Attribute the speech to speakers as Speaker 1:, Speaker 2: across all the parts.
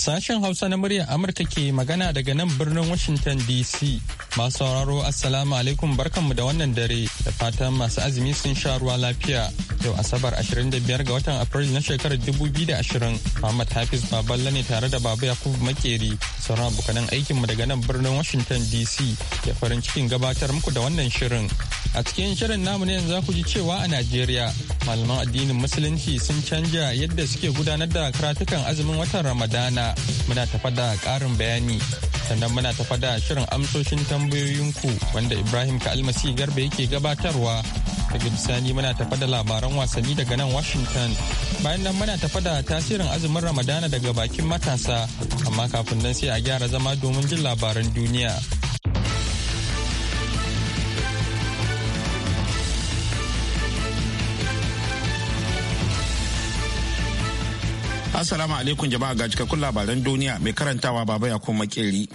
Speaker 1: Sashen Hausa na muryar Amurka ke magana daga nan birnin Washington DC. Masu sauraro Assalamu alaikum barkanmu da wannan dare da fatan masu azumi sun sha ruwa lafiya. yau asabar 25 ga watan april na shekarar 2020 muhammad hafiz baballa ne tare da baba yakubu makeri sauran abokanan mu daga nan birnin washington dc ya farin cikin gabatar muku da wannan shirin a cikin shirin namu ne yanzu ku ji cewa a najeriya malaman addinin musulunci sun canja yadda suke gudanar da karatukan azumin watan ramadana muna tafa da karin bayani sannan muna tafa da shirin amsoshin tambayoyinku wanda ibrahim ka garba yake gabatarwa daga bisani muna tafa da labaran labaran wasanni daga nan Washington. Bayan nan muna tafa da tasirin azumin Ramadana daga bakin matasa, amma kafin nan sai a gyara zama domin jin labaran duniya.
Speaker 2: Assalamu alaikum jama'a ga cikakkun labaran duniya mai karantawa baba ya kuma makeri.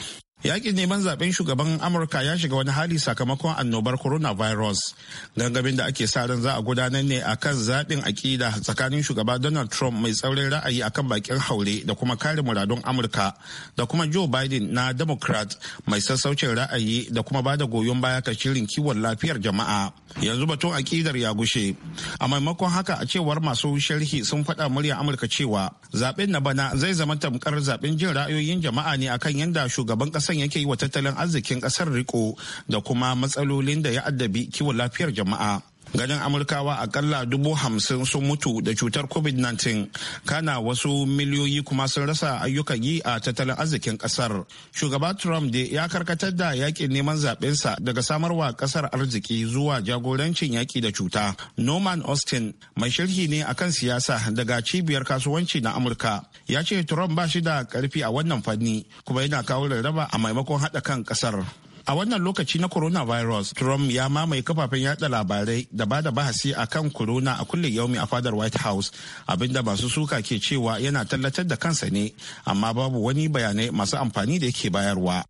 Speaker 2: yakin neman zaben shugaban amurka ya shiga wani hali sakamakon annobar coronavirus gangamin da ake sa ran za a gudanar ne akan zaɓin aƙida tsakanin shugaba donald trump mai tsaurin ra'ayi akan bakin haure da kuma kare muradun amurka da kuma joe biden na democrat mai sassaucin ra'ayi da kuma ba da goyon baya ka shirin kiwon lafiyar jama'a yanzu batun aƙidar ya gushe a maimakon haka a cewar masu sharhi sun faɗa murya amurka cewa zaɓen na bana zai zama tamkar zaɓen jin ra'ayoyin jama'a ne akan yadda shugaban ƙasar hakan yake yi wa tattalin arzikin kasar riko da kuma matsalolin da ya addabi kiwon lafiyar jama'a ganin amurkawa akalla dubu hamsin sun mutu da cutar covid-19 kana wasu miliyoyi kuma sun rasa ayyukan yi a tattalin arzikin kasar shugaba trump da ya karkatar da yakin neman zaɓensa daga samarwa kasar arziki zuwa jagorancin yaki da cuta norman austin mai sharhi ne akan siyasa daga cibiyar kasuwanci na amurka ya ce trump ba shi da karfi a wannan fanni kuma yana kawo rarraba a maimakon haɗa kan kasar A wannan lokaci na coronavirus, Trump ya mamaye kafafen yada labarai da ba da bahasi a kan corona a kullum yaumi a fadar White House, abinda masu suka ke cewa yana tallatar da kansa ne, amma babu wani bayanai masu amfani da yake bayarwa.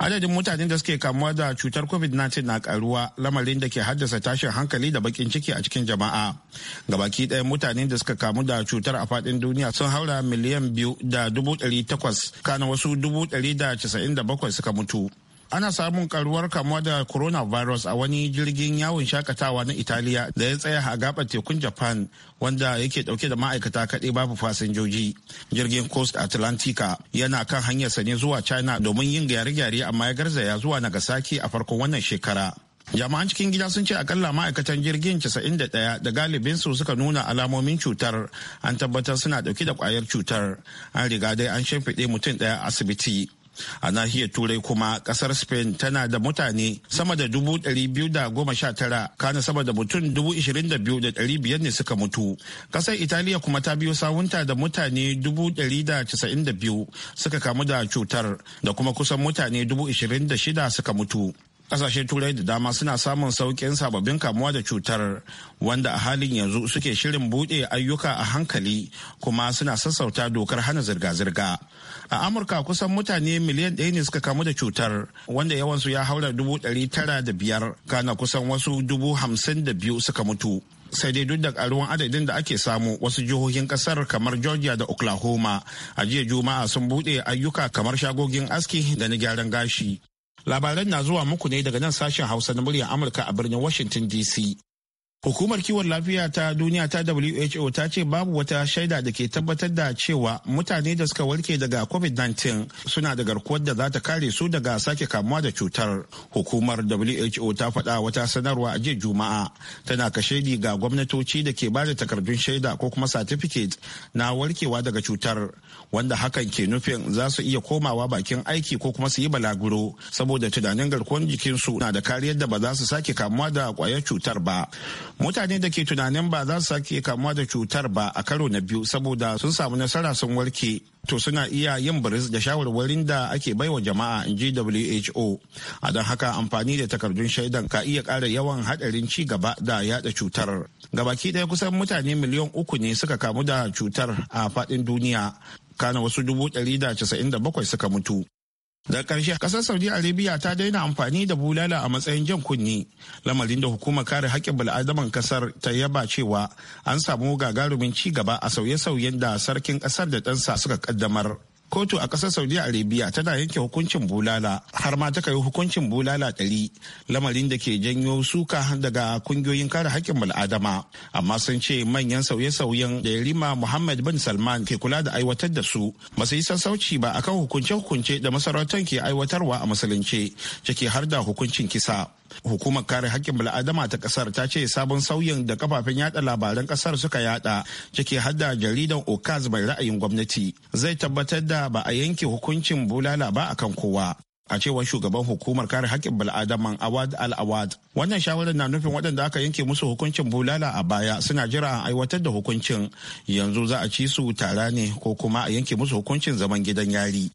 Speaker 2: Adadin mutanen da suke kamuwa da cutar COVID-19 na karuwa lamarin da ke haddasa tashin hankali da bakin ciki a cikin jama'a. Gabaki ɗaya mutanen da suka kamu da cutar a faɗin duniya sun haura miliyan biyu da dubu ɗari takwas kana wasu dubu ɗari da casa'in da bakwai suka mutu. ana samun karuwar kamuwa da coronavirus a wani jirgin yawon shakatawa na italiya da ya tsaya a gaɓar tekun japan wanda yake ɗauke da ma'aikata kaɗai babu fasinjoji jirgin coast atlantica yana kan hanyarsa ne zuwa china domin yin gyare-gyare amma ya garzaya zuwa nagasaki a farkon wannan shekara jama'an cikin gida sun ce akalla ma'aikatan jirgin 91 da galibin su suka nuna alamomin cutar an tabbatar suna dauke da kwayar cutar an riga dai an shimfiɗe mutum ɗaya asibiti a nahiyar turai kuma kasar spain tana da mutane sama da dubu biyu da goma sha tara kana sama da mutum dubu ishirin da biyu da biyar ne suka mutu kasar italiya kuma ta biyo sawunta da mutane dubu da casa'in da biyu suka kamu da cutar da kuma kusan mutane dubu ishirin da shida suka mutu kasashe turai da dama suna samun sauƙin sababbin kamuwa da cutar wanda a halin yanzu suke shirin buɗe ayyuka a hankali kuma suna sassauta dokar hana zirga-zirga a amurka kusan mutane miliyan ɗaya ne suka kamu da cutar wanda yawansu ya haura dubu ɗari tara da biyar kana kusan wasu dubu hamsin da biyu suka mutu sai dai duk da karuwan adadin da ake samu wasu jihohin kasar kamar georgia da oklahoma a jiya juma'a sun buɗe ayyuka kamar shagogin aski da na gyaran gashi labaran na zuwa muku ne daga nan sashen hausa na muryar amurka a birnin washington dc Hukumar kiwon lafiya ta duniya ta WHO ta ce babu wata shaida da ke tabbatar da cewa mutane da suka warke daga COVID-19 suna da garkuwar da za ta kare su daga sake kamuwa da cutar. Hukumar WHO ta faɗa wata sanarwa a jiya Juma'a tana kashe ga gwamnatoci da ke bada takardun shaida ko kuma certificate na warkewa daga cutar wanda hakan ke nufin za su iya komawa bakin aiki ko kuma su yi balaguro saboda tunanin garkuwar jikinsu na da kariyar da ba za su sake kamuwa da kwayar cutar ba. mutane da ke tunanin ba za su sake kamuwa da cutar ba a karo na biyu saboda sun samu nasara sun warke to suna iya yin biris da shawarwarin da ake baiwa jama'a in ji who a don haka amfani da takardun shaidan ka iya ƙara yawan haɗarin ci gaba da yada cutar gabaki ɗaya kusan mutane miliyan uku ne suka kamu da cutar a faɗin duniya kana wasu dubu ɗari da casa'in da bakwai suka mutu Da ƙarshe ƙasar Saudi Arabia ta daina amfani da bulala a matsayin jan kunni, lamarin da hukumar kare haƙƙin bil'adaman ƙasar ta yaba cewa an samu gagarumin ci gaba a sauye-sauyen da sarkin ƙasar da ɗansa suka ƙaddamar. kotu a ƙasar saudi arabia tana yanke hukuncin bulala har ma ta yi hukuncin bulala ɗari lamarin da ke janyo suka daga kungiyoyin kare haƙƙin bal'adama amma sun ce manyan sauye-sauyen da yarima muhammad bin salman ke kula da aiwatar da su ba su yi sassauci ba akan hukunce-hukunce da masarautar ke aiwatarwa a musulunce ciki har da hukuncin kisa hukumar kare hakkin bal'adama ta kasar ta ce sabon sauyin da kafafen yada labaran kasar suka yada ciki hadda jaridan okaz mai ra'ayin gwamnati zai tabbatar da ba a yanke hukuncin bulala ba akan kowa a cewar shugaban hukumar kare hakkin bil'adaman awad al-awad wannan shawarar na nufin waɗanda aka yanke musu hukuncin bulala a baya suna jira a aiwatar da hukuncin yanzu za a ci su tara ne ko kuma a yanke musu hukuncin zaman gidan yari.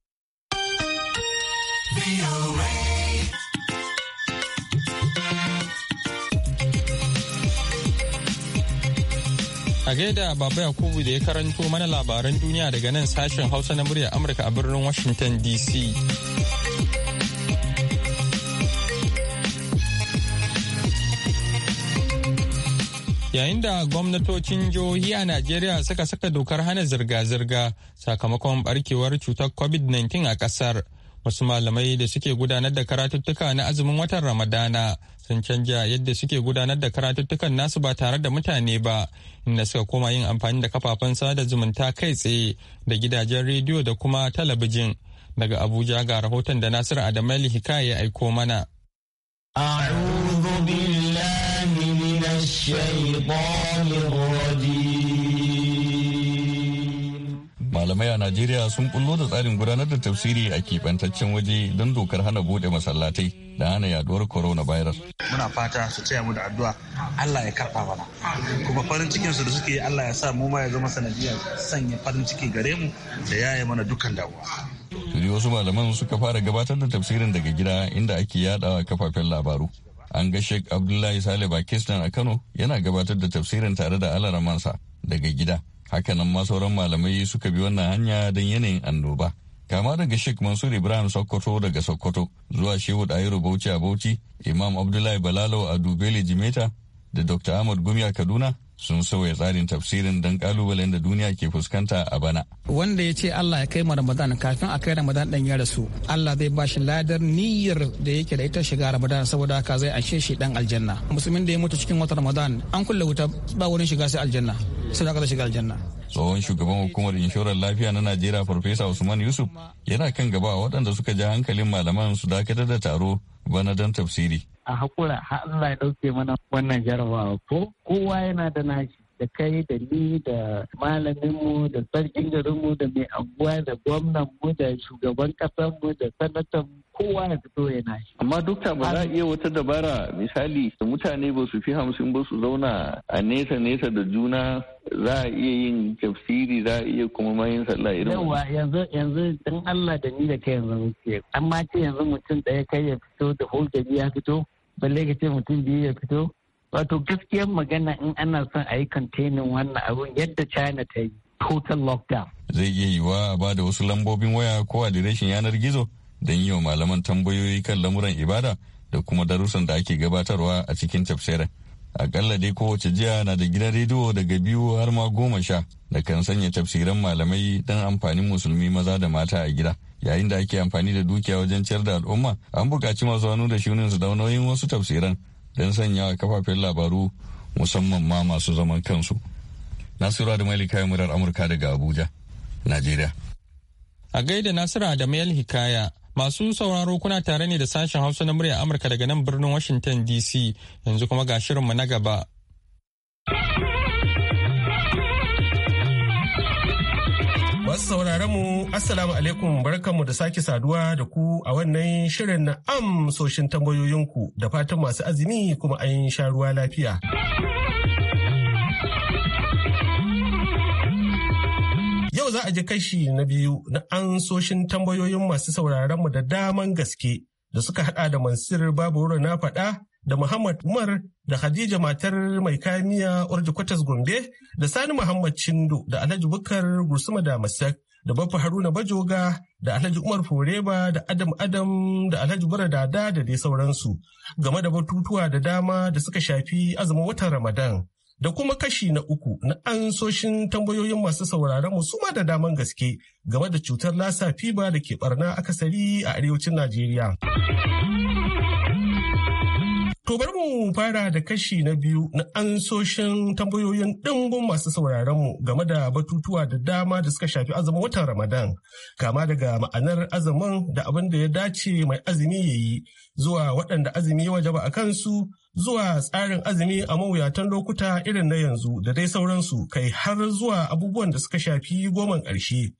Speaker 1: A gaida Baba Yakubu da ya karanto mana labaran duniya daga nan sashen Hausa na murya Amurka a birnin Washington DC. Yayin da gwamnatocin jihohi a Najeriya suka saka dokar hana zirga-zirga sakamakon barkewar cutar COVID-19 a ƙasar. wasu malamai da suke gudanar da karatuttuka na azumin watan ramadana sun canja yadda suke gudanar da karatuttukan nasu ba tare da mutane ba inda suka koma yin amfani da kafafen sada zumunta kai tsaye da gidajen rediyo da kuma talabijin daga abuja ga rahoton da nasiru adamali hikaya ya aiko mana
Speaker 3: a'udhu billahi minash
Speaker 4: malamai a najeriya sun bullo da tsarin gudanar da tafsiri a keɓantaccen waje don dokar hana bude masallatai da hana yaduwar corona coronavirus muna fata su taya mu da addu'a
Speaker 5: allah ya karɓa mana kuma farin cikin su da suke allah ya sa mu ma ya zama sanadiyar sanya farin ciki gare mu da yaye mana dukkan damuwa
Speaker 4: tuni wasu malaman suka fara gabatar da tafsirin daga gida inda ake yadawa kafafen labaru an ga sheikh abdullahi sale bakistan a kano yana gabatar da tafsirin tare da alaramansa daga gida hakanan ma sauran malamai suka bi wannan hanya don yanayin annoba kama daga sheikh mansur ibrahim sokoto daga sokoto zuwa shehu da'iru bauchi a bauchi imam abdullahi balalo a dubele jimeta da dr ahmad gumiya kaduna sun sauya tsarin tafsirin don kalubalen da duniya ke fuskanta a bana.
Speaker 6: Wanda ya ce Allah ya kai mu Ramadan kafin a kai Ramadan dan ya rasu, Allah zai ba shi ladar niyyar da yake da ita shiga Ramadan saboda haka zai anshe shi dan aljanna. Musulmin da ya mutu cikin watan Ramadan an kulle wuta ba wurin shiga sai aljanna. Sai da shiga aljanna.
Speaker 4: Tsohon shugaban hukumar inshorar lafiya na Najeriya Farfesa Usman Yusuf yana kan gaba waɗanda suka ja hankalin malaman su dakatar da taro bana don tafsiri. a haƙura har Allah ya ɗauke mana wannan jarabawa ko
Speaker 7: kowa yana da nashi da kai da ni da malaminmu da
Speaker 3: sarkin garinmu da mai anguwa da gwamnanmu da shugaban ƙasarmu da sanatan kowa
Speaker 7: ya fito ya nashi.
Speaker 4: Amma dukta ba za a iya wata dabara misali Da mutane ba su fi hamsin ba su zauna a nesa nesa da juna za a iya yin tafsiri za a iya kuma mayin sallah irin yawa
Speaker 3: yanzu yanzu dan Allah da ni da kai yanzu muke amma ce yanzu mutum ɗaya kai ya fito da hujjaji ya fito balle ka ce mutum biyu ya fito wato gaskiyar magana in ana son a yi kantenin wannan abun yadda china ta yi total lockdown
Speaker 4: zai iya yiwa a ba da wasu lambobin waya ko a adireshin yanar gizo don yi wa malaman tambayoyi kan lamuran ibada da kuma darussan da ake gabatarwa a cikin tafsirin akalla dai kowace jiya na da gidan rediyo daga biyu har ma goma sha da kan sanya tafsiran malamai don amfanin musulmi maza da mata a gida yayin da ake amfani da dukiya wajen ciyar da al'umma an buƙaci masu hannu da shunin su daunoyin wasu tafsiran don sanya wa kafafen labaru musamman ma masu zaman kansu nasiru da kayan murar amurka daga abuja najeriya a gaida nasiru da hikaya Masu sauraro
Speaker 1: kuna tare ne da sashen Hausa na murya Amurka daga nan birnin Washington DC yanzu kuma ga shirinmu na gaba.
Speaker 8: Masu sauraron mu Assalamu alaikum barkanmu da sake saduwa da ku a wannan shirin na amsoshin tambayoyinku da fatan masu azumi kuma an sha ruwa lafiya. za a ji kashi na biyu na ansoshin tambayoyin masu mu da daman gaske da suka hada da Mansur Baburu na faɗa da Muhammad Umar da Khadija matar mai kamiya Urji Kwatas Gombe da Sani Muhammad Chindo da Alhaji Bukar Gursuma da Masak da Baffa Haruna Bajoga da Alhaji Umar Foreba da Adam Adam da Alhaji Bura Dada da dai sauransu game da batutuwa da dama da suka shafi azumin watan Ramadan. da kuma kashi na uku na ansoshin tambayoyin masu sauraron mu suma da daman gaske game da cutar lasa fiba da ke barna akasari a arewacin Najeriya. To bari mu fara da kashi na biyu na ansoshin tambayoyin ɗimbin masu sauraronmu game da batutuwa da dama da suka shafi azumin watan Ramadan, kama daga ma'anar azumin da abin da ya dace mai azumi ya yi zuwa waɗanda azumi ya wajaba a kansu zuwa tsarin azumi a mawuyatan lokuta irin na yanzu da dai sauransu kai har zuwa abubuwan da suka shafi goman ƙarshe.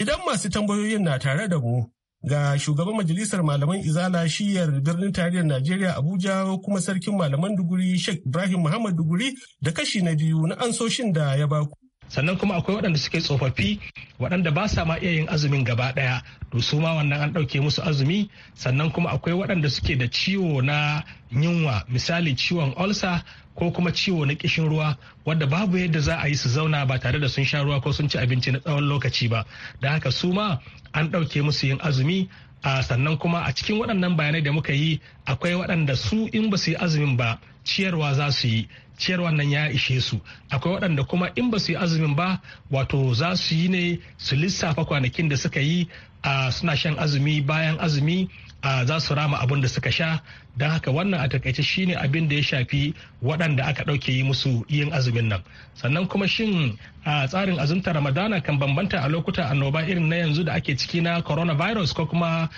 Speaker 8: Idan masu tambayoyin na tare da mu ga shugaban majalisar malaman izala shiyar birnin tarihin Najeriya Abuja kuma sarkin malaman duguri Sheikh Ibrahim Muhammad duguri da kashi na biyu na ansoshin da ya baku. sannan kuma akwai waɗanda suke tsofaffi
Speaker 5: waɗanda ba sa ma iya yin azumin gaba ɗaya to su ma wannan an ɗauke musu azumi sannan kuma akwai waɗanda suke da ciwo na yunwa misali ciwon olsa ko kuma ciwo na kishin ruwa wadda babu yadda za a yi su zauna ba tare da sun sha ruwa ko sun ci abinci na tsawon lokaci ba da haka su ma an ɗauke musu yin azumi a sannan kuma a cikin waɗannan bayanai da muka yi akwai waɗanda su in ba su yi azumin ba ciyarwa za su yi ciyarwa nan ya ishe su akwai waɗanda kuma in ba su yi azumin ba wato za su yi ne su lissafa kwanakin da suka yi a suna shan azumi bayan azumi a za su rama abin da suka sha don haka wannan a takaice shine abin da ya shafi waɗanda aka ɗauke yi musu yin azumin nan sannan kuma shin a tsarin azumta ramadana kan bambanta a lokuta annoba irin na yanzu da ake ciki na coronavirus ko kuma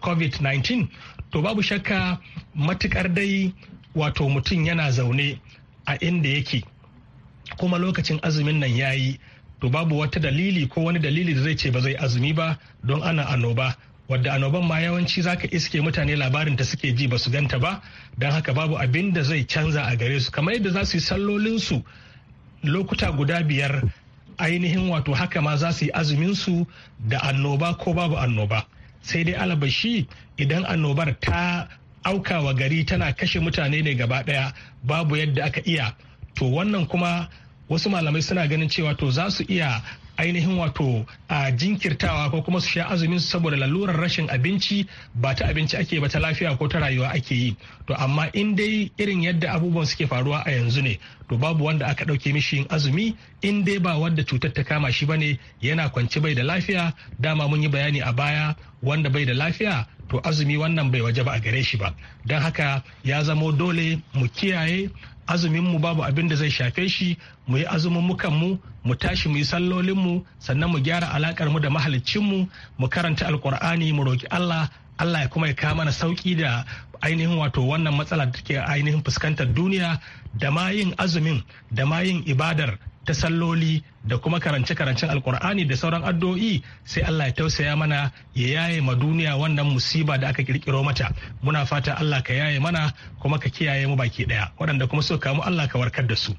Speaker 5: covid-19 to babu shakka matukar dai wato mutum yana zaune a inda yake kuma lokacin azumin nan ya yi to babu wata dalili ko wani dalili da zai ce ba zai azumi ba don ana annoba wadda annoban ma yawanci zaka iske mutane labarin ta suke ji ba su ganta ba don haka babu abin da zai canza a gare su kamar yadda za su yi sallolinsu lokuta guda biyar ainihin wato haka ma za su yi azuminsu da annoba ko babu annoba sai dai alabashi idan annobar ta aukawa gari tana kashe mutane ne gaba ɗaya babu yadda aka iya to wannan kuma wasu malamai suna ganin cewa to za su iya ainihin wato a jinkirtawa ko kuma su sha azumin su saboda lalurar rashin abinci ba ta abinci ake ba ta lafiya ko ta rayuwa ake yi to amma in dai irin yadda abubuwan suke faruwa a yanzu ne to babu wanda aka ɗauke mishi yin azumi in dai ba wanda cutar ta kama shi bane yana kwance bai da lafiya dama mun yi bayani a baya wanda bai da lafiya to azumi wannan bai waje ba a gare shi ba don haka ya zamo dole mu kiyaye azumin mu babu abin da zai shafe shi mu yi azumin mu mu tashi mu yi sallolin mu sannan mu gyara alakar mu da mahalicin mu mu karanta alkur'ani mu roki Allah Allah ya kuma ya kawo mana sauki da ainihin wato wannan matsala da take ainihin fuskantar duniya da ma yin azumin da ma yin ibadar ta salloli da kuma karance-karancen alkur'ani da sauran addu'o'i sai Allah ya tausaya mana ya yaye ma duniya wannan musiba da aka kirkiro mata muna fata Allah ka yaye mana kuma ka kiyaye mu baki daya waɗanda kuma so kamu Allah ka warkar da su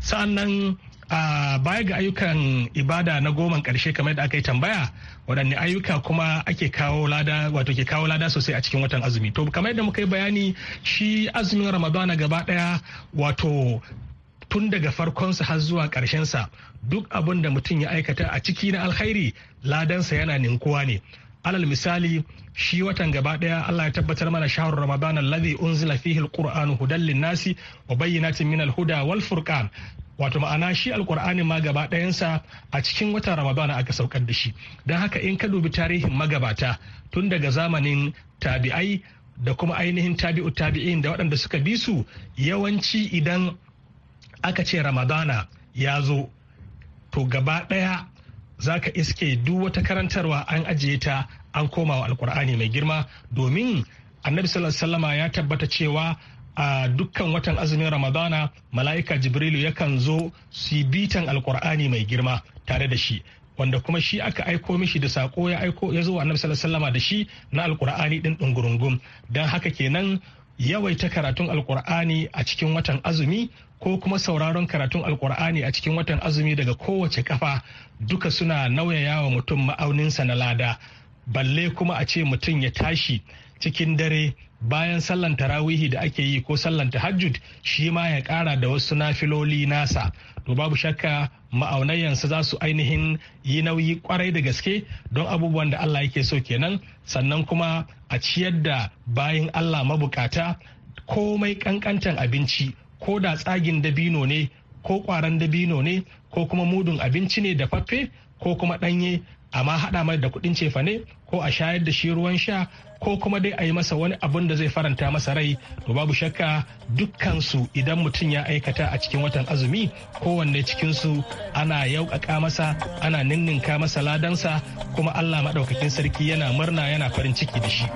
Speaker 5: sa'annan a baya ga ayyukan ibada na goman karshe kamar da aka yi tambaya waɗanne ayyuka kuma ake kawo lada wato ke kawo lada sosai a cikin watan azumi to kamar yadda muka yi bayani shi azumin ramadana gaba ɗaya wato tun daga farkonsa har zuwa sa duk abin da mutum ya aikata a ciki na alkhairi ladansa yana ninkuwa ne alal misali shi watan gaba daya Allah ya tabbatar mana shahrul ramadan alladhi unzila fihi alquran hudan linnasi wa bayyinatin min alhuda wal furqan wato ma'ana shi alkur'ani ma gaba ɗayansa a cikin watan ramadan aka saukar da shi dan haka in ka dubi tarihin magabata tun daga zamanin tabi'ai da kuma ainihin tabi'u tabi'in da waɗanda suka bi su yawanci idan aka ce ramadana ya zo to gaba ɗaya za ka iske duk wata karantarwa an ajiye ta an koma wa alkur'ani mai girma domin annabi sallama ya tabbata cewa a dukkan watan azumin ramadana mala'ika jibrilu yakan zo su bitan alkur'ani mai girma tare da shi wanda kuma shi aka aiko mishi da sako ya aiko ya zo annabi sallama da shi na alkur'ani ɗin dungurungum don haka kenan yawaita karatun alkur'ani a cikin watan azumi ko kuma sauraron karatun alkur'ani a cikin watan azumi daga kowace kafa duka suna nauyaya wa mutum ma'auninsa na lada balle kuma a ce mutum ya tashi cikin dare bayan sallan tarawihi da ake yi ko sallan tahajjud shi ma ya kara da wasu nafiloli nasa to babu shakka ma'aunayansa za su ainihin yi nauyi kwarai da gaske don abubuwan da Allah yake so kenan sannan kuma a ciyar da bayan Allah mabukata komai kankantan abinci ko da tsagin dabino ne ko kwaran dabino ne ko kuma mudun abinci ne da faffe ko kuma ɗanye amma haɗa mai da kuɗin cefa ne ko a shayar da shi ruwan sha ko kuma dai a yi masa wani abin da zai faranta masa rai to babu shakka dukkansu idan mutum ya aikata a cikin watan azumi kowanne cikinsu ana yauƙaƙa masa ana ninninka masa ladansa kuma allah maɗaukakin sarki yana murna yana farin ciki da shi.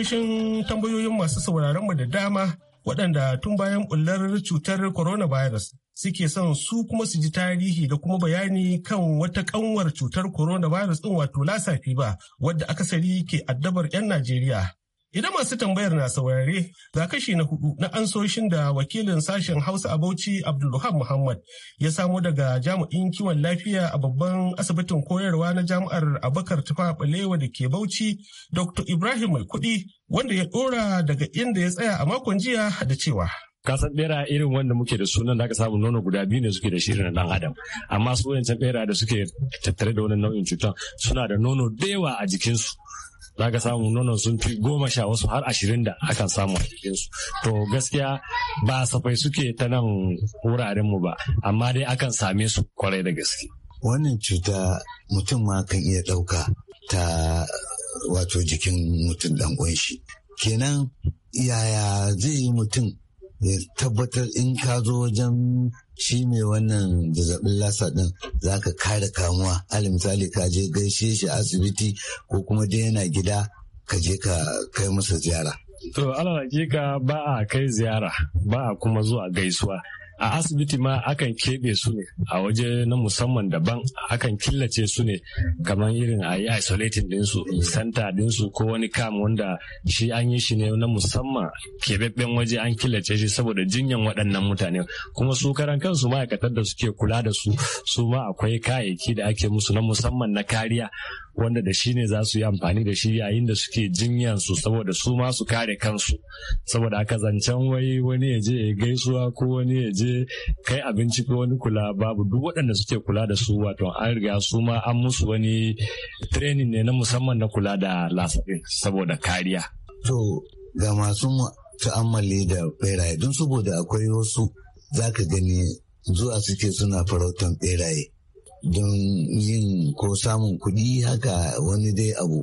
Speaker 8: amsoshin tambayoyin masu sauraron mu da dama waɗanda tun bayan bullar cutar coronavirus suke son su kuma su ji tarihi da kuma bayani kan wata kanwar cutar coronavirus din wato lasafi ba wadda akasari ke addabar 'yan Najeriya Idan masu tambayar na saurare ga kashi na hudu na ansoshin da wakilin sashen Hausa a Bauchi Abdulluhab Muhammad ya samo daga jami'in kiwon lafiya a babban asibitin koyarwa na jami'ar Abakar Tufa Balewa da ke Bauchi Dr. Ibrahim Mai Kudi wanda ya dora daga
Speaker 9: inda ya tsaya a makon jiya da cewa. Ka san bera irin wanda muke da sunan da aka samu nono guda biyu ne suke da shirin dan adam amma su wancan bera da suke tattare da wani nau'in cutar suna da nono da yawa a jikinsu za ka samu nonon sun fi goma sha wasu har ashirin da akan samu a jikinsu to gaskiya ba safai suke ta nan wurarenmu ba amma dai akan same su kwarai da gaske wannan cuta mutum ma kan iya ɗauka
Speaker 3: ta wato jikin mutum dan shi kenan yaya zai yi mutum ya tabbatar in ka zo wajen shi mai wannan zazzabin lasa din za ka kare kamuwa alim misali ka je gaishe shi a asibiti ko kuma dai yana gida ka je ka kai masa ziyara.
Speaker 9: To alal hakika ba a kai ziyara ba a kuma zuwa gaisuwa a asibiti ma akan keɓe su ne a waje na musamman daban akan killace su ne kamar irin a yi isolating dinsu santa dinsu ko wani kam wanda shi an yi shi ne na musamman keɓaɓɓen waje an killace shi saboda jinyan waɗannan mutane kuma su karan kansu ma'aikatar da suke kula da su su ma akwai kayayyaki da ake musu na musamman na kariya wanda da shi ne za su yi amfani da shi yayin da suke jinyan su saboda su ma su kare kansu saboda aka zancen wai wani ya je ya gaisuwa ko wani ya je kai abinci ko wani kula babu duk waɗanda suke kula da su wato an riga su ma an musu wani training ne na musamman na kula da lasafin saboda kariya. To ga masu
Speaker 3: ta'ammali da ɓeraye don saboda akwai wasu za ka gani zuwa suke suna farautan ɓeraye don yin ko samun kuɗi haka wani dai abu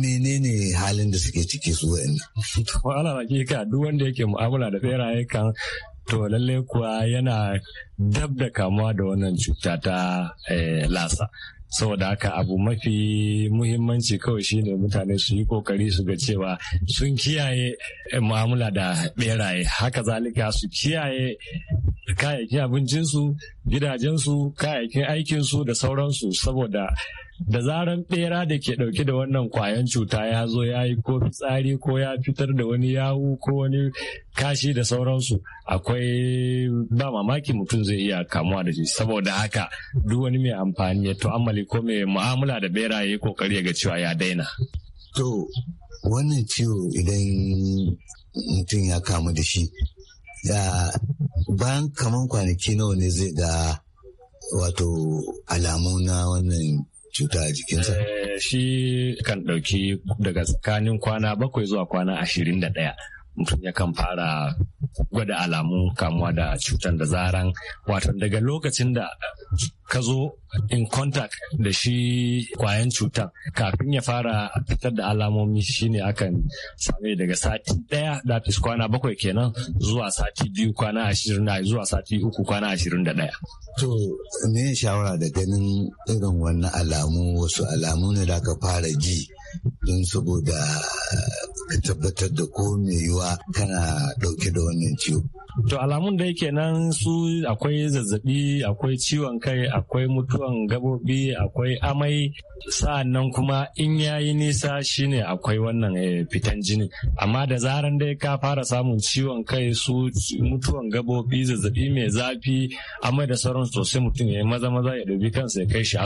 Speaker 3: menene halin da suke ciki su wa'in.
Speaker 9: Wala hakika duk wanda yake mu'amala da ɓeraye kan to lallai kuwa yana dab da kamuwa da wannan cuta ta eh, lasa saboda haka abu mafi muhimmanci kawai shine mutane su yi kokari su ga cewa sun kiyaye eh, mu'amala da beraye haka zalika su kiyaye kayayyakin abincinsu gidajensu kayayyakin aikinsu da sauransu saboda da zaran bera da ke dauke da wannan kwayan cuta ya zo ya yi ko fitsari ko ya fitar da wani yawu ko wani kashi da sauransu akwai ba mamaki mutum zai iya kamuwa da shi saboda haka duk wani mai amfani ya amali ko mai mu'amala da bera ya yi kokari ya ga cewa ya daina
Speaker 3: to wannan ciwo idan mutum ya kamu da shi da bayan kaman kwanaki nawa ne zai
Speaker 9: ga wato alamu na wannan cuta a jikinsa? Eh, shi kan ɗauki daga tsakanin kwana bakwai zuwa kwana ashirin da ɗaya. mutum yakan fara gwada alamun kamuwa da cutar da zaran wato daga lokacin da ka zo in contact da shi kwayan cutar kafin ya fara fitar da alamomi shine akan same daga sati daya da kwana bakwai kenan zuwa sati biyu kwana ashirin zuwa sati uku kwana ashirin da daya.
Speaker 3: To me shawara da ganin irin wannan alamu wasu alamu ne da ka fara ji don saboda ka tabbatar da ko mai yiwa kana dauke da wannan ciwo.
Speaker 9: To alamun da yake nan su akwai zazzabi, akwai ciwon kai, akwai mutuwan gabobi, akwai amai, sa'an nan kuma in yayi nisa shine akwai wannan eh, fitan jini. Amma da zaran dai ka fara samun ciwon kai su mutuwan gabobi, zazzabi mai zafi, amai da sauran sosai mutum ya yi maza maza ya dubi kansa ya kai shi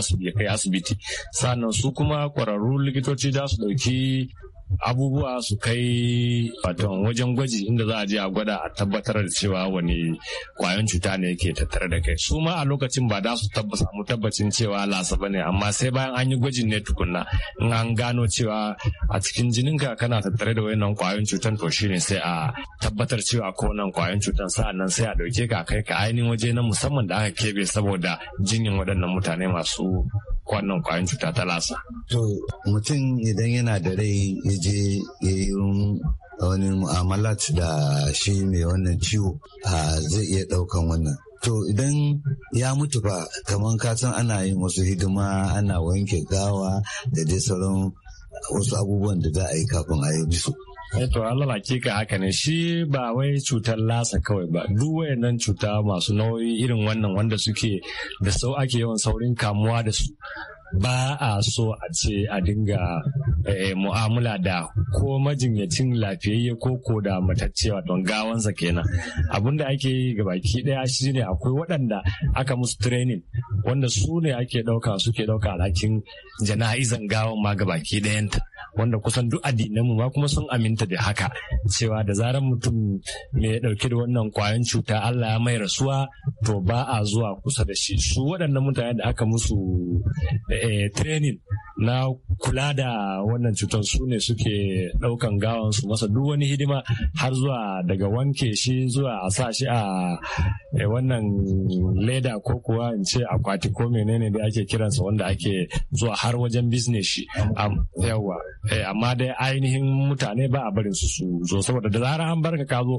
Speaker 9: asibiti, Sa'an nan su kuma kwararru likitoci da za su ɗauki abubuwa su kai fatan wajen gwaji inda za a je a gwada a tabbatar da cewa wani kwayan cuta ne yake tattare da kai su ma a lokacin ba za su samu tabbacin cewa lasa ba ne amma sai bayan an yi gwajin ne tukunna in an gano cewa a cikin jinin ka kana tattare da wayannan kwayan cutan to shine sai a tabbatar cewa ko nan kwayan cutan sa'an nan sai a dauke ka kai ka ainihin waje na musamman da aka kebe saboda jinyan waɗannan mutane masu wannan kwayan cuta ta lasa. To
Speaker 3: mutum idan yana da rai je ya yi wani mu'amalat da shi mai wannan ciwo zai iya ɗaukan wannan To idan ya mutu ba kamar kasan ana yin wasu hidima ana wanke gawa da
Speaker 9: dai sauran wasu abubuwan da za a yi kafin a yi su. Eh to Allah hakika haka ne shi ba wai cutar lasa kawai ba duk wayannan cuta masu nauyi irin wannan wanda suke da sau ake yawan saurin kamuwa da su ba a so a ce a dinga eh, mu'amala da ko majinyacin lafiyayye ko ko da mataccewa don gawansa kenan abinda ake yi ga baki daya shine akwai waɗanda aka musu training wanda su ne ake ɗauka suke ɗauka alhakin jana'izan gawan ma ga baki ɗayanta wanda kusan duk addinan mu ma kuma sun aminta da haka cewa da zarar mutum mai dauke da wannan kwayan cuta Allah ya mai rasuwa to ba a zuwa kusa da shi su waɗannan mutane da aka musu eh, training na kula da wannan cutar su ne suke ɗaukan gawan su masa duk wani hidima har zuwa daga wanke shi zuwa a sa shi a eh, wannan leda ko kuwa in ce akwati ko menene da ake kiransa wanda ake zuwa har wajen business shi yawa Eh, amma dai ainihin mutane ba a barin su su zo saboda da zarar an barka ka zo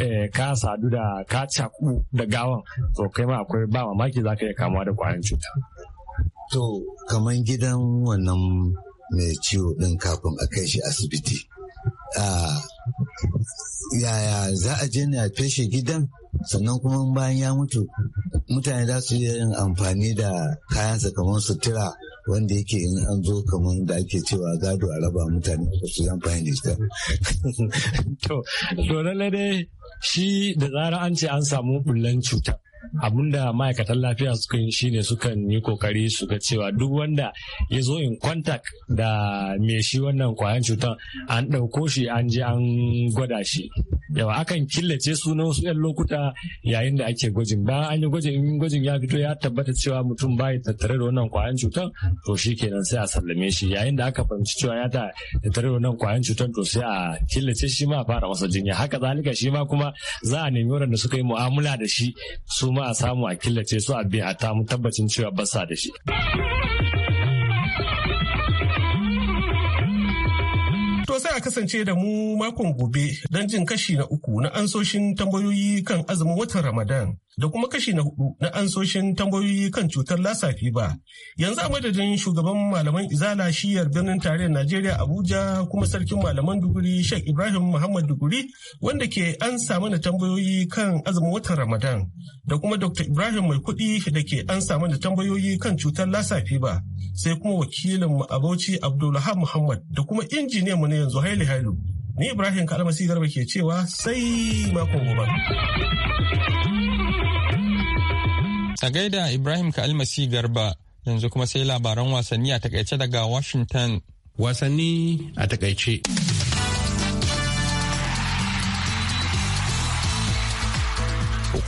Speaker 9: eh, ka sadu da ka caku da gawan to kai ma akwai ba mamaki za ka iya kamuwa da kwayan cuta.
Speaker 3: To kamar gidan wannan mai ciwo din kafin a kai shi asibiti. Yaya za a je na a feshe gidan sannan kuma bayan ya mutu mutane za su yi amfani da kayansa kamar sutura wanda yake in an zo kamar da ake cewa gado a raba mutane su zan fahimta.
Speaker 9: To, to lalle dai shi da zarar an ce an samu bullan cuta da ma'aikatan lafiya suka yi shine sukan yi kokari su ga cewa duk wanda ya zo in contact da me shi wannan kwayan cutar an ɗauko shi an je an gwada shi yawa akan killace su na wasu 'yan lokuta yayin da ake gwajin bayan an yi gwajin in gwajin ya fito ya tabbata cewa mutum bai tattare da wannan kwayan cutar to shi kenan sai a sallame shi yayin da aka fahimci cewa ya tattare da wannan kwayan cutan to sai a killace shi ma a fara masa jinya haka zalika shi ma kuma za a nemi waɗanda suka yi mu'amala da shi su ma kuma a samu a killace su a biya a tamu tabbacin cewa basa da shi.
Speaker 8: kasance da mu makon gobe don jin kashi na uku na ansoshin tambayoyi kan azumin watan Ramadan da kuma kashi na hudu na ansoshin tambayoyi kan cutar lasa ba. Yanzu a madadin shugaban malaman izala shiyar birnin tarayyar Najeriya Abuja kuma sarkin malaman duguri Sheikh Ibrahim Muhammad Duguri wanda ke an samu na tambayoyi kan azumin watan Ramadan da kuma Dr. Ibrahim Mai kuɗi da ke an samu na tambayoyi kan cutar lasa ba sai kuma wakilin mu Abauchi Abdulham Muhammad da kuma injiniyan mu na yanzu Raili Hailu. Ni Ibrahim Kalmasi Garba ke cewa sai mako gobe.
Speaker 1: A gaida Ibrahim Kalmasi Garba yanzu kuma sai labaran wasanni a takaice daga Washington. Wasanni a takaice.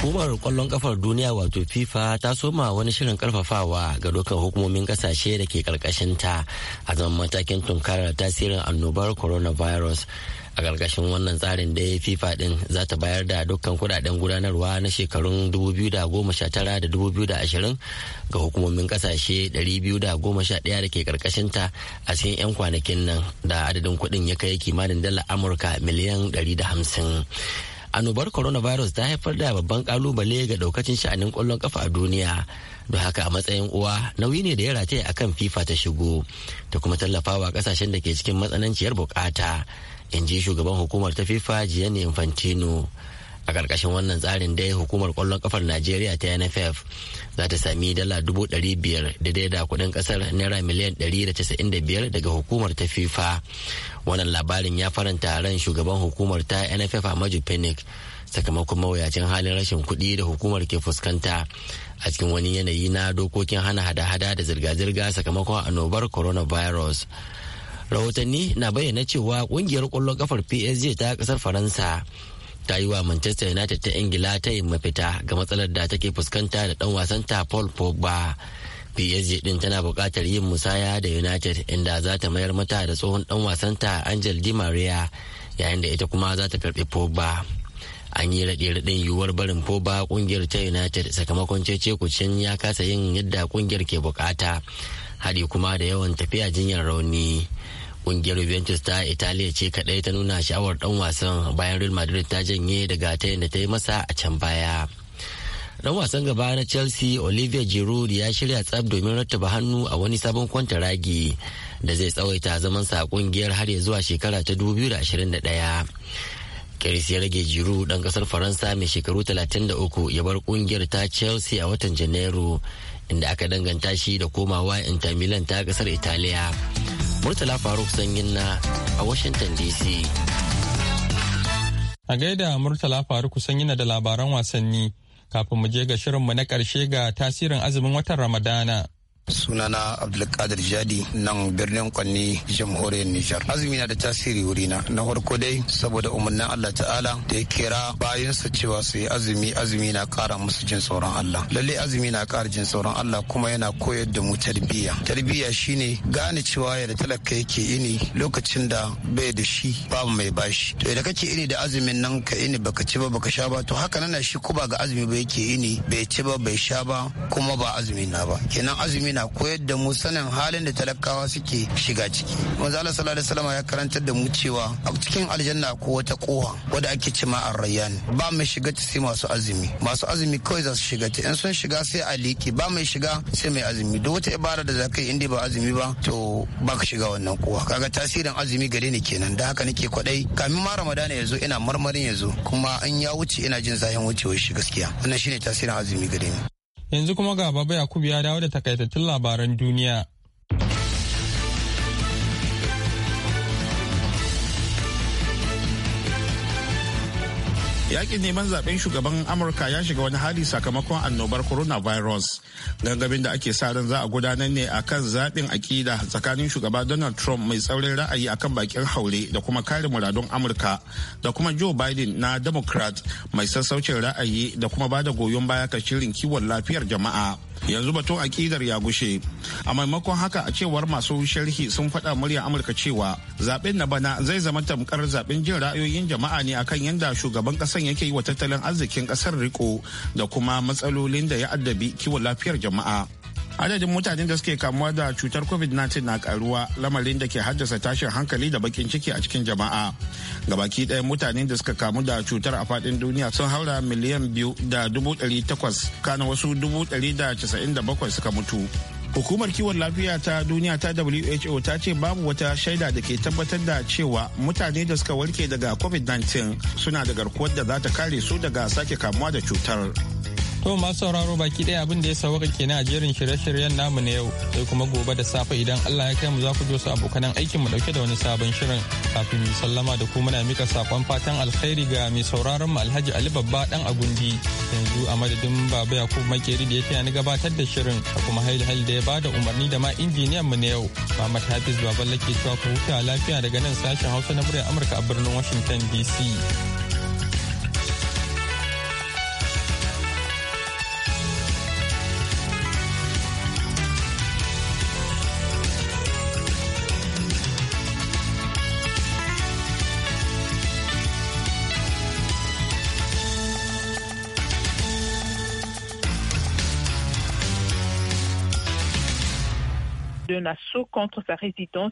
Speaker 7: Hukumar kwallon kafar duniya wato FIFA ta soma wani shirin karfafawa ga dukkan hukumomin kasashe da ke karkashinta a zaman matakin tunkarar tasirin annobar coronavirus. a karkashin wannan tsarin da fifa din za ta bayar da dukkan kudaden gudanarwa na shekarun 2019 da 2020 ga hukumomin kasashe 211 da ke ta a cikin 'yan kwanakin nan da adadin kudin ya kai kimanin dala amurka miliyan 150 annobar coronavirus ta haifar da babban kalubale ga daukacin sha'anin kwallon kafa a duniya don haka a matsayin uwa nauyi ne da ya rataya kan fifa ta shigo ta kuma tallafawa kasashen da ke cikin matsananciyar bukata in ji shugaban hukumar ta fifa jiyani infantino a ƙarƙashin wannan tsarin dai hukumar ƙwallon ƙafar najeriya ta nff za ta sami dala dubu ɗari biyar da da kuɗin ƙasar naira miliyan ɗari da casa'in da biyar daga hukumar ta fifa wannan labarin ya faranta ran shugaban hukumar ta nff a maju phoenix sakamakon mawuyacin halin rashin kuɗi da hukumar ke fuskanta a cikin wani yanayi na dokokin hana hada-hada da zirga-zirga sakamakon annobar coronavirus rahotanni na bayyana cewa kungiyar kwallon kafar psg ta ƙasar faransa ta yi wa manchester united ta ingila ta yi mafita ga matsalar da take fuskanta da dan wasan ta paul pogba psg din tana buƙatar yin musaya da united inda za ta mayar mata da tsohon dan wasan ta angel di maria yayin da ita kuma za ta karbi pogba an yi raɗe-raɗin yiwuwar barin pogba kungiyar ta united sakamakon cece kucin ya kasa yin yadda kungiyar ke bukata hadi kuma da yawan tafiya jinyar rauni Ƙungiyar Juventus ta Italiya ce kadai ta nuna sha'awar dan wasan bayan Real Madrid ta janye daga ta da ta yi masa a can baya. Dan wasan gaba na Chelsea olivia Giroud ya shirya tsab domin rattaba hannu a wani sabon kwanta kwantaragi da zai tsawaita zaman sa a kungiyar har ya zuwa shekara ta 2021. Kiris ya rage jiru dan kasar Faransa mai shekaru 33 ya bar kungiyar ta Chelsea a watan Janairu inda aka danganta shi da komawa Inter Milan ta kasar Italiya. Murtala Faruk Sanyin na a Washington DC.
Speaker 1: A gaida Murtala Faruk Sanyin da labaran wasanni kafin mu je ga shirinmu na ƙarshe ga tasirin azumin watan Ramadana.
Speaker 6: sunana abdulkadir jadi nan birnin kwanni jamhuriyar nijar azumi na da tasiri wurina na farko dai saboda umarnin allah ta'ala da ya kira bayansa cewa su yi azumi azumi na kara musu jin sauran allah lalle azumi na kara jin sauran allah kuma yana koyar da mu tarbiyya tarbiyya shine gane cewa yadda talaka yake ini lokacin da bai da shi babu mai bashi to idan kake ini da azumin nan ka ini baka ci ba baka sha ba to haka nana shi kuba ga azumi ba yake ini bai ci ba bai sha ba kuma ba azumi na ba kenan azumi na koyar da mu sanin halin da talakawa suke shiga ciki wanzu Allah sallallahu alaihi wasallam ya karantar da mu cewa a cikin aljanna ko wata kowa wadda ake cima arrayyan ba mai shiga ta sai masu azumi masu azumi kawai za su shiga ta in sun shiga sai a leke ba mai shiga sai mai azumi duk wata ibara da za kai yi inda ba azumi ba to ba ka shiga wannan kowa kaga tasirin azumi gare ni kenan da haka nake kwadai kamin ma ramadana ya zo ina marmarin ya zo kuma in ya wuce ina jin zahin wucewar shi gaskiya wannan shine tasirin azumi gare ni
Speaker 1: Yanzu kuma ga Baba Yakubu ya dawo da takaitattun labaran duniya.
Speaker 2: yakin neman zaben shugaban amurka ya shiga wani hali sakamakon annobar coronavirus gangamin da ake sa ran za a gudanar ne a kan zaɓin aƙida tsakanin shugaba donald trump mai tsaurin ra'ayi akan bakin haure da kuma kare muradun amurka da kuma joe biden na democrat mai sassaucin ra'ayi da kuma ba da goyon baya ka shirin kiwon lafiyar jama'a yanzu batun akidar ya gushe a maimakon haka a cewar masu sharhi sun faɗa murya amurka cewa zaben na bana zai zama tamkar zaben jin ra'ayoyin jama'a ne akan yadda shugaban ƙasar yake yi wa tattalin arzikin ƙasar riko da kuma matsalolin da ya addabi kiwon lafiyar jama'a adadin mutanen da suke kamuwa da cutar covid-19 na karuwa lamarin da ke haddasa tashin hankali da bakin ciki a cikin jama'a gabaki daya mutanen da suka kamu da cutar a fadin duniya sun haura miliyan biyu da dubu ɗari takwas kana wasu dubu ɗari da casa'in da bakwai suka mutu hukumar kiwon lafiya ta duniya ta who ta ce babu wata shaida da ke tabbatar da cewa mutane da suka warke daga covid-19 suna da garkuwar da za ta kare su daga sake kamuwa da cutar
Speaker 1: To masu sauraro baki ɗaya abin da ya sauka kenan a jerin shirye-shiryen namu na yau sai kuma gobe da safe idan Allah ya kai mu za ku su abokanan aikin mu dauke da wani sabon shirin kafin mu sallama da kuma na mika sakon fatan alkhairi ga mai sauraron mu Alhaji Ali Babba dan Agundi yanzu a madadin Baba Yakubu Makeri da yake ni gabatar da shirin da kuma Hail da ya bada umarni da ma injiniyan mu na yau Muhammad Hafiz Baballa ke cewa ku huta lafiya daga nan sashen Hausa na murya Amurka a birnin Washington DC.
Speaker 2: contre sa résidence